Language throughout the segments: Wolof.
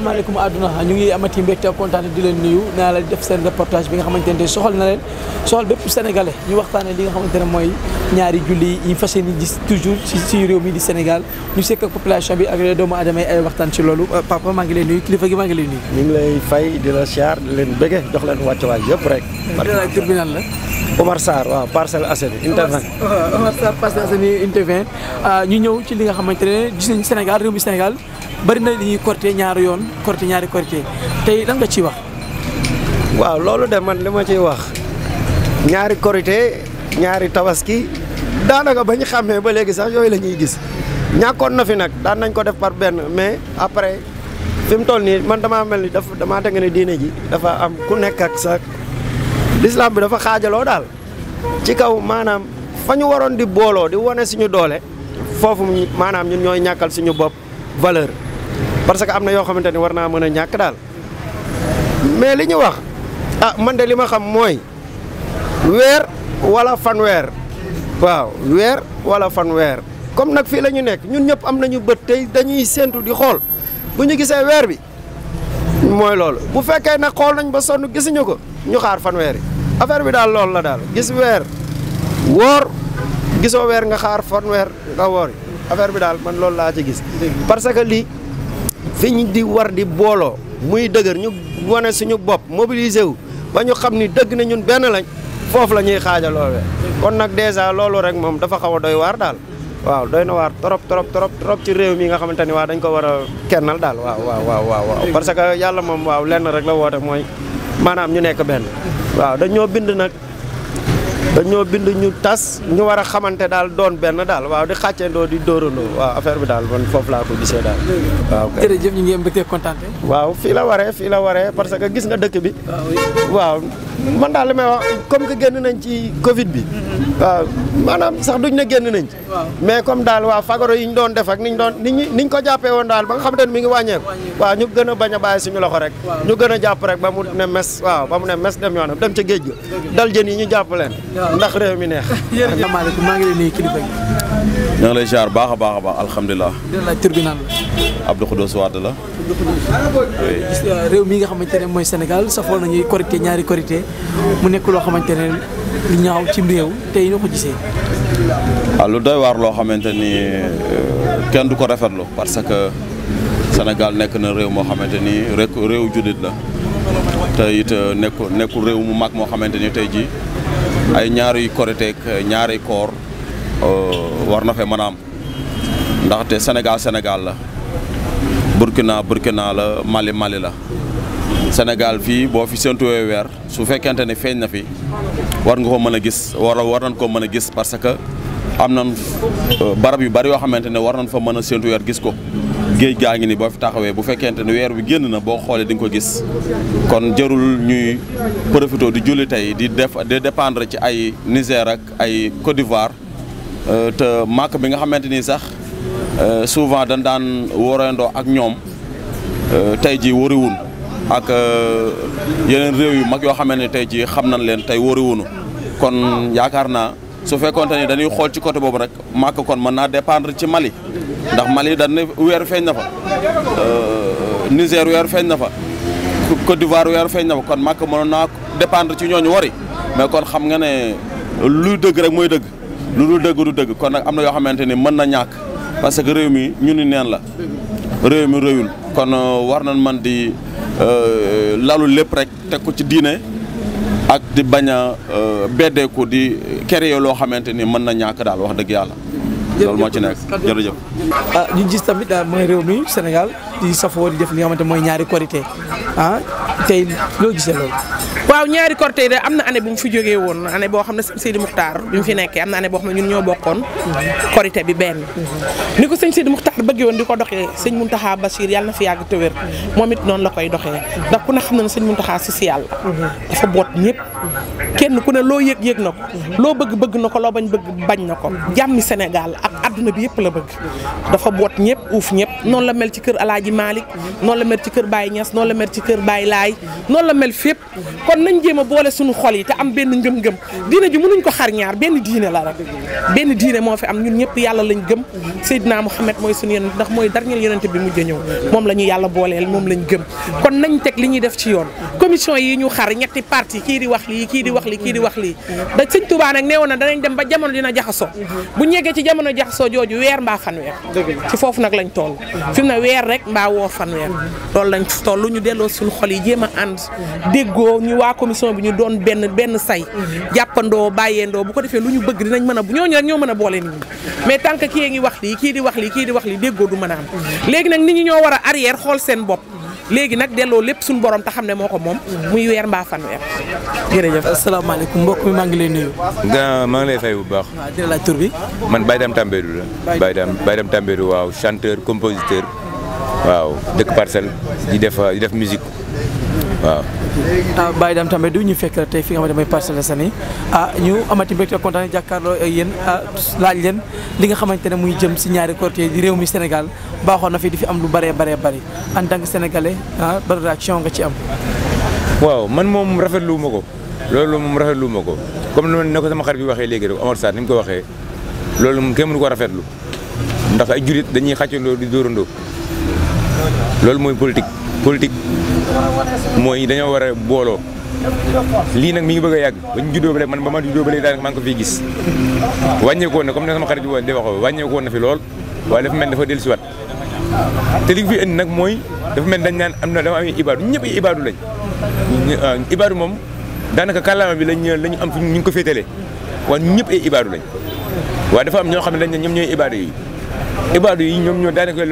asalaamaaleykum àdduna ñu ngi amati mbégte ak kontaan di leen nuyu naa la def seen reportage bi nga xamante ne soxal na leen soxal bépp sénégalais ñu waxtaanee li nga xamante ne mooy ñaari julli yi fas yéene gis toujours ci ci réew mi di Sénégal ñu sekk population bi ak doomu adama yi ay waxtaan si loolu euh, papa maa ngi leen nuyu kilifa gi maa ngi lay nuyu. ñu ngi lay fay di la siyaar di leen bëgge jox leen wàccuwaay yëpp rek. tur bi nan la. Omar Sarr waaw Parcelles Assainies intervent Omar Sarr Parcelles Assainies intervent euh, ñu ñëw ci li nga xamante ne gis nañu Sénégal réew mi bari nañ li ñuy ñaari yoon corté ñaari corté tey lan nga ciy wax. waaw loolu de man li ma ciy wax ñaari korité ñaari tawaski daanaka ba xamee ba léegi sax yooyu la ñuy gis ñàkkoon na fi nag daan nañ ko def par benn mais après fi mu toll nii man dama mel ni dafa damaa dégg ne diine ji dafa am ku nekk ak sa lislaam bi dafa xaajaloo daal ci kaw maanaam fa ñu waroon di booloo di wane suñu doole foofu maanaam ñun ñooy ñàkkal suñu bopp valeur. parce que am na yoo xamante ni war naa mën a ñàkk daal mais li ñu wax ah man de li ma xam mooy weer wala fanweer waaw weer wala fanweer comme nag fii lañu nekk ñun ñëpp am nañu bët tey dañuy séentu di xool bu ñu gisee weer bi mooy loolu bu fekkee nag xool nañ ba sonn gisuñu ko ñu xaar fanweer yi affaire bi daal loolu la daal gis weer woor gisoo weer nga xaar fanweer nga woor yi bi daal man loolu laa ci gis parce que lii fi ñu di war di booloo muy dëgër ñu wane suñu bopp mobiliser wu ba ñu xam ni dëgg na ñun benn lañ foofu la ñuy xaajaloowee kon nag dèjà loolu rek moom dafa xaw a doy waar daal waaw doy na waar trop trop trop trop ci réew mi nga xamante ni waa dañ ko war a kennal daal waaw waaw waaw waaw parce que yàlla moom waaw lenn rek la woote mooy maanaam ñu nekk benn waaw dañoo bind nag dañoo bind ñu tas ñu war a xamante daal doon benn daal waaw di xàccee xàccandoo di dóorandoo waaw affaire bi daal man foofu laa ko gisee daal. waaw kay jërëjëf ñu ngi yem ba tey waaw fii la waree fii la waree parce que gis nga dëkk bi. Ah waaw. man daal li may wax comme que génn nañ ci Covid bi. Mm-hmm. waaw maanaam sax duñ ne génn nañ ci. mais comme daal waa fagaro yi ñu doon def ak ni ñu doon ni ñu ni ko jàppee woon daal ba nga xam ne mi ngi wàññeeku. waaw ñu gën a bañ a bàyyi loxo rek. ñu gën jàpp rek ba mu ne mes waaw ba mu mes dem dem ca géej ga. dal jën yi ñu jàpp leen. ndax réew mi neex. yéen maa ngi lay nuyu kilifa ñu ngi lay ziar baax a baax a baax alhamdulilah. tribunal la. Abdou Khoudous Wade la. Abdou Khoudous. Euh, réew mi nga xamante ne mooy Sénégal safoon nañuy korité ñaari korité mu nekk loo xamante ne ñaaw ci réew tey ñoo ko gisee. waaw ah, lu doy waar loo xamante ni euh, kenn du ko rafetlu parce que Sénégal nekk na réew moo xamante ni rek réew jullit la te it euh, nekku nekkul réew mu mag moo xamante ni tey ji ay ñaari koriteek ñaari koor euh, war na fee mën a am ndaxte Sénégal Sénégal la Burkina Burkina la Mali Mali la. Sénégal fii boo fi séntuwee weer su fekkente ne feeñ na fi war nga ko mën a gis war war nañ koo mën a gis parce que am na euh, barab yu bari yoo xamante ne war nañ fa mën a séntu gis ko géej gaa ngi ni boo fi taxawee bu fekkente ne weer bi génn na boo xoolee di ko gis kon jarul ñuy profité di julli tey di def di dépendre ci ay Niger ak ay Côte d'Ivoire euh, te màkk bi nga xamante ni sax euh, souvent dañ daan wóorandoo ak ñoom tey ji wóoriwul ak euh, yeneen réew yu mag yoo xamante ne tey jii xam nañ leen tey wóoriwunu kon yaakaar naa su fekkonte ni dañuy xool ci côté boobu rek màkk kon mën naa dépendre ci Mali ndax Mali dañ ne weer feeñ na fa euh, Niger weer feeñ na fa Côte d'Ivoire weer feeñ na fa kon màkk mënoon naa dépendre ci ñooñu wari mais kon xam nga ne luy dëgg rek mooy dëgg lu dul dëgg du dëgg kon nag am na yoo xamante ni mën na ñàkk parce que réew mi ñu neen la réew mi réewul kon euh, war nañ man di Euh, lalu lépp rek teg ko ci diine ak di bañ a euh, beddeeku di créer loo xamante ni mën na ñàkk daal wax dëgg yàlla loolu moo ci nekk jërëjëf. ah ñu gis tamit daal ah, mooy réew mi Sénégal di safoo di def li nga xamante mooy ñaari korité ah, tey loo gisee loolu. waaw ñaari korité de am na année bu mu fi jógee woon année boo xam ne Seydi Muxtaar bi mu fi nekkee am na année boo xam ne ñun ñoo bokkoon. korité bi benn. ni ko sëñ Seydi Muxtaar bëggee woon di ko doxee sëñ Muntaxa Bachir yàlla na fi yàgg te moom it noonu la koy doxee ndax ku ne xam na ne sëñ Muntaxa social la. Mhm. dafa boot ñëpp. kenn ku ne loo yëg yëg na ko loo bëgg bëgg na ko loo bañ bëgg bañ na ko jàmmi Sénégal ak àdduna bi yëpp la bëgg dafa boot ñëpp uuf ñëpp noonu la mel ci kër Alaaji Malick noonu la mel ci kër Baye Niass noonu la mel ci kër Baye la mel fépp kon nañ jéem a boole suñu xol yi te am benn ngëm-ngëm diine ji mënuñ ko xar ñaar benn diine la rek benn diine moo fi am ñun ñëpp yàlla lañ gëm Seydina Mouhamed mooy suñu yonent ndax mooy dernier yonent bi mujj ñëw moom la ñu yàlla booleel moom lañ gëm kon nañ teg li ñuy def ci yoon kii di wax lii da sëñ Touba nag neewoon na danañ dem ba jamono dina jaxasoo bu ñu yeggee ci jamono jaxasoo jooju weer mbaa fanweer ci foofu nag lañ toll fi mu ne weer rek mbaa woo fanweer loolu lañ toll ñu delloo suñu xol yi jéem a ànd déggoo ñu waa commission bi ñu doon benn benn say jàppandoo bàyyeendoo bu ko defee lu ñu bëgg dinañ mën a bu ñooñu rek ñoo mën a boole nit ñi mais tant que kii ngi wax lii kii di wax lii kii di wax lii déggoo du mën a am léegi nag nit ñi ñoo war a arrière xool seen bopp léegi nag delloo lépp suñu borom te xam ne moo ko moom. muy weer mbaa fanweer. jërëjëf asalaamaaleykum mbokk mi maa ngi lay nuyu. maa ngi lay fay bu baax. waaw ah, jërëjëf bi. man Baye Dame Tambédou la. Baye Dame Baye Dame Tambédou waaw chanteur compositeur waaw dëkk parcelle di def di def musique. waaw. ah Baye Dame Tambadou du ñu fekk tey fi nga xamante ne mooy Parcelles Assainies ah ñu amati mbégte jàkkaarloo ak yéen ah, laaj leen li nga xamante ne muy jëm si ñaari côté di réew mi Sénégal baaxoon na fi di fi am lu bëree bëree bëri en tant que sénégalais ah ban nga ci am. waaw man moom rafetlu ma ko loolu moom rafetlu ma ko comme ni ko sama xarit bi waxee léegi rek Omar Sarr ni mu ko waxee loolu moom kenn mënu ko rafetlu ndax ay jurit dañuy loolu di dóorandoo loolu mooy politique politique. mooy dañoo war a booloo lii nag mi ngi bëgg a yàgg ba ñu juddoo ba léegi man ba ma juddoo ba léegi daanaka maa ngi ko fiy gis wàññeekoon na comme ne sama xarit bi di waxoo wàññeekoon fi lool waaye dafa mel dafa dellusiwaat te li nga fi indi nag mooy dafa mel dañ naan am na dama amee ibaadu ñëpp ay ibaadu lañ ah, ibaadu moom daanaka kàllaama bi lañ lañu am fi ñu ngi ko féetalee waaye ñëpp ay ibaadu lañ waaye dafa am ñoo xam ne dañ ne ñooy ibaadu yi ibaadu yi ñoom ñoo daanaka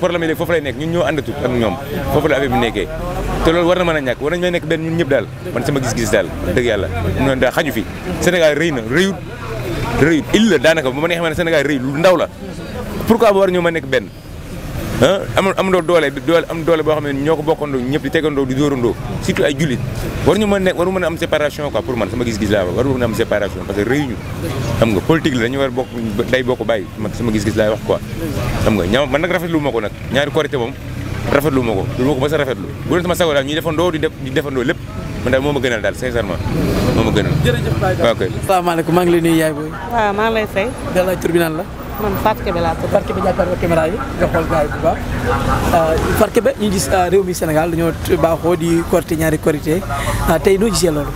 problème yi foofu lay nekk ñun ñoo àndatut ak ñoom foofu la affaire bi nekkee te loolu war na mën a ñàkk nekk benn ñun ñëpp daal man sama gis-gis daal dëgg yàlla noonu daal xaju fi Sénégal rëy na rëyut rëyut il la daanaka ba ma ne xam ne Sénégal rëy lu ndaw la pourquoi ba war ñoo ma nekk benn am amandoo doole doole am doole boo xam ne ñoo ko bokkandoo ñëpp di tegandoo di dóorandoo surtout ay jullit war ñu mën nekk waru a am séparation quoi pour man sama gis-gis laa wax waru mën a am séparation parce que réunion xam nga politique la dañu war bokk day bokk bàyyi sama gis-gis laay wax quoi xam nga man nag rafetlu ma ko nag ñaari korité moom rafetlu ma ko lu ma ko mas a rafetlu bu doon sama sago daal ñuy defandoo di def di defandoo lépp moo ma gënal daal sincèrement moo ma gënal. jërëjëf Baye Dame ok. asalaamaaleykum maa ngi maa ngi lay fay. dalal la. man Fatou Kébé laa tudd. Fatou Kébé jàppale caméra yi nga xool gars yi bu baax Fatou euh, ñu gis euh, réew mi Sénégal dañoo baaxoo di korité ñaari korité ah, tey noo gisee loolu.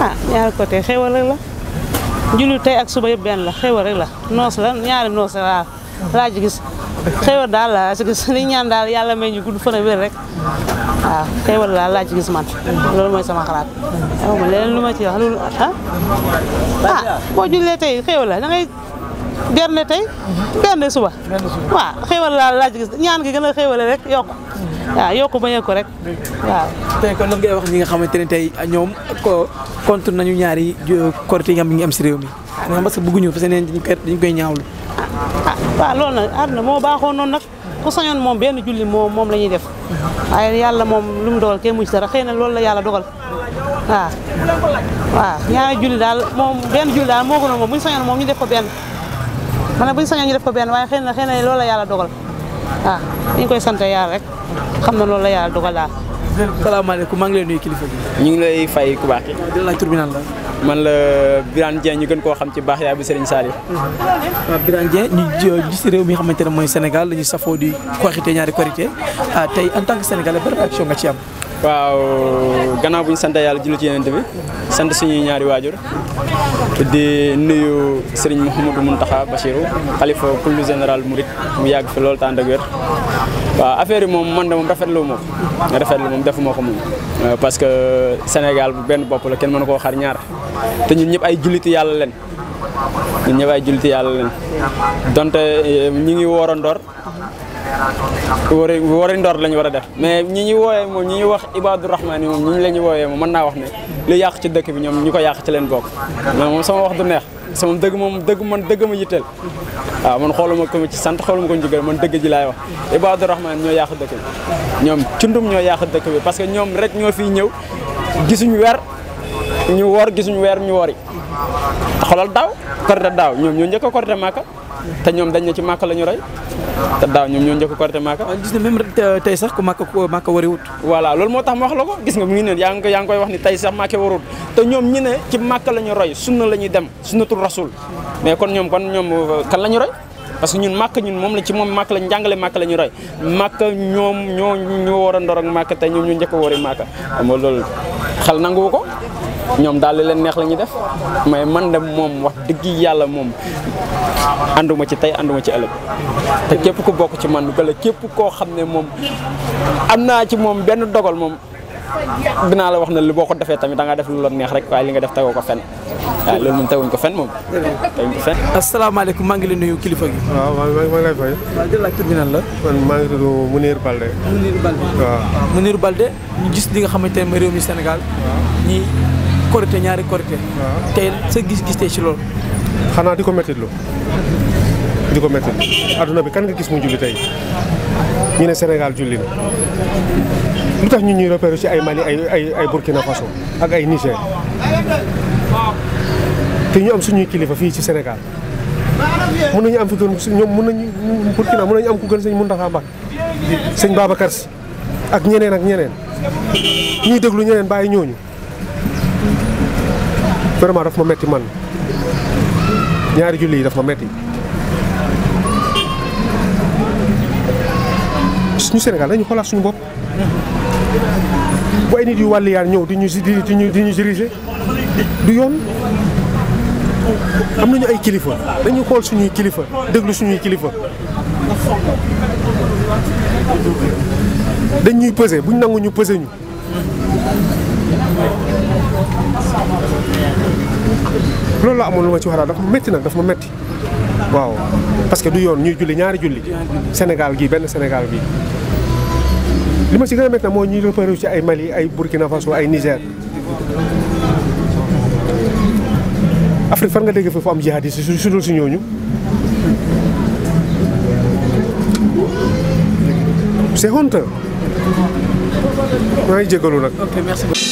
ah ñaari korité xéwal rek la jullit tey ak suba yëpp benn la xéwal rek la noos la ñaari noos la laa ci gis xéwal daal la laa gis ñaan daal yàlla may ñu gudd fan ak rek waaw xéwal daal laa ci gis man loolu mooy sama xalaat. xaw ma ah? Ah, tey xéwal la benn tey benn suba waaw xéwal daal laa gis ñaan gi gën a xéwale rek yokk waaw yokk bañ ko rek waaw tey kon lan ngay wax ñi nga xamante ne tey ñoom ko contre nañu ñaari korité yi nga xam si réew mi nga parce que bëgguñu parce que neen dañ koy ñaawlu ah waaw loolu nag àdduna moo baaxoo noonu nag ku sañoon moom benn julli moom moom la ñuy def waaye yàlla moom lu mu dogal kenn mujj dara xëy na loolu la yàlla dogal waaw waaw ñaari julli daal moom benn julli daal moo gënoon moom bu ñu sañoon moom ñu def ko benn man nag bu ñu sañoon ko benn waaye xëy na xëy na loolu la yàlla dogal ah, koy sant yàlla rek xam na loolu la yàlla dogal daal. salaamaaleykum maa ngi lay nuyu kilifa ñu ngi lay fay ku baax ki. di la bi naan la. man gën koo xam ci baax yaay bu Serigne Saliou. waaw mm-hmm. ah, Birane Dieng ñu euh, gis réew mi nga xamante ne mooy Sénégal la ñu safoo di korité ñaari korité ah, tey en tant que sénégalais ban réaction nga ci am. waaw gannaaw bu ñu sant yàlla julli ci yeneen bi sant suñuy ñaari waajur di nuyu sëriñ Mouhamadou Mountakha Bachirou xalifa kullu général Mouride mu yàgg fi loolu tànd ak wér waaw affaire yi moom man de moom rafetlu moom lu moom defuma ko moom euh, parce que Sénégal bu benn bopp la kenn mënu koo xar ñaar te ñun ñëpp ay julliti yàlla leen ñun ñëpp ay julliti yàlla leen donte euh, ñi ngi woor wari wari ndor lañ war a def mais ñi ñu wooyee moom ñi ñu wax Ibadou Rahman yi moom ñi ñu la ñu wooyee moom mën naa wax ne li yàq ci dëkk bi ñoom ñu ko yàq ci leen bokk mais moom wax du neex sama dëgg moom dëgg man dëgg ma yitteel waaw man xooluma ko ci sant xooluma ko njëgal man dëgg ji laay wax Ibadou Rahman ñoo yàq dëkk bi ñoom cundum ñoo yàq dëkk bi parce que ñoom rek ñoo fi ñëw gisuñu weer ñu wor gisuñu weer ñu wori xoolal daaw korite daaw ñoom ñoo njëkk a korite te ñoom dañ na ci màkk la ñu rey te daaw ñoom ñoo njëkk a korite màkk gis na même tey sax ku màkk wariwut voilà loolu moo tax ma wax la ko gis nga mu ngi neen yaa ngi yaa ngi koy wax ni tey sax màkk warut te ñoom ñi ne ci màkk la ñu roy sunna la ñuy dem sunnatul rasul mais kon ñoom kon ñoom kan la ñu roy parce que ñun màkk ñun moom la ci moom màkk la njàngale màkk la ñu roy màkk ñoom ñoo ñu war a ndor ak màkk ñoom ñu njëkk a wari màkk xam nga loolu xel nanguwu ko ñoom daal li leen neex la ñuy def mais man de moom wax dëgg yàlla moom ànduma ci tey ànduma ci ëllëg te képp ku bokk ci man wala képp koo xam ne moom am naa ci moom benn dogal moom dinaa la wax na li boo ko defee tamit da nga def lu la neex rek waaye li nga def tegoo ko fenn waaw loolu moom teguñ ko fen moom. teguñ ko maa ngi leen nuyu kilifa gi. waaw maa ngi lay fay. waaw jërëjëf laaj tur bi nan la. man maa ngi tudd Mounir Balde. Mounir Balde Balde ñu gis li nga xamante ne mooy réew mi Sénégal. korité ñaari korité tey sa gis-gis tey ci loolu xanaa di ko mettitlu di ko mettitlu adduna bi kan nga gis mu julli tey ñu ne Sénégal julli na lu tax ñu ñuy repérer ci ay Mali ay ay ay Burkina Faso ak ay Niger te ñu am suñuy kilifa fii ci Sénégal mën nañu am fi gën ñoom mën nañu Burkina mën nañu am ku gën sëñ Mountakha Mbacké sëñ Babacar Sy ak ñeneen ak ñeneen ñuy déglu ñeneen bàyyi ñooñu vraiment daf ma metti man ñaari julli yi daf ma metti suñu Sénégal dañu xoolaat suñu bopp bu ay nit yu wàlliyaan ñëw di ñu di du yoon am nañu ay kilifa dañuy xool suñuy kilifa déglu suñuy kilifa dañ ñuy peser buñ nangu ñu peser ñu. loolu la amoon lu ma ci wax daal dafa ma métti nag dafa ma metti waaw parce que du yoon ñuy julli ñaari julli Sénégal gi benn Sénégal bi li ma si gën a métti nag mooy ñuy repérer ci ay Mali ay Burkina Faso ay Niger Afrique nga dégg foofu am jihadiste su su dul si ñooñu c'est honteux maa nag.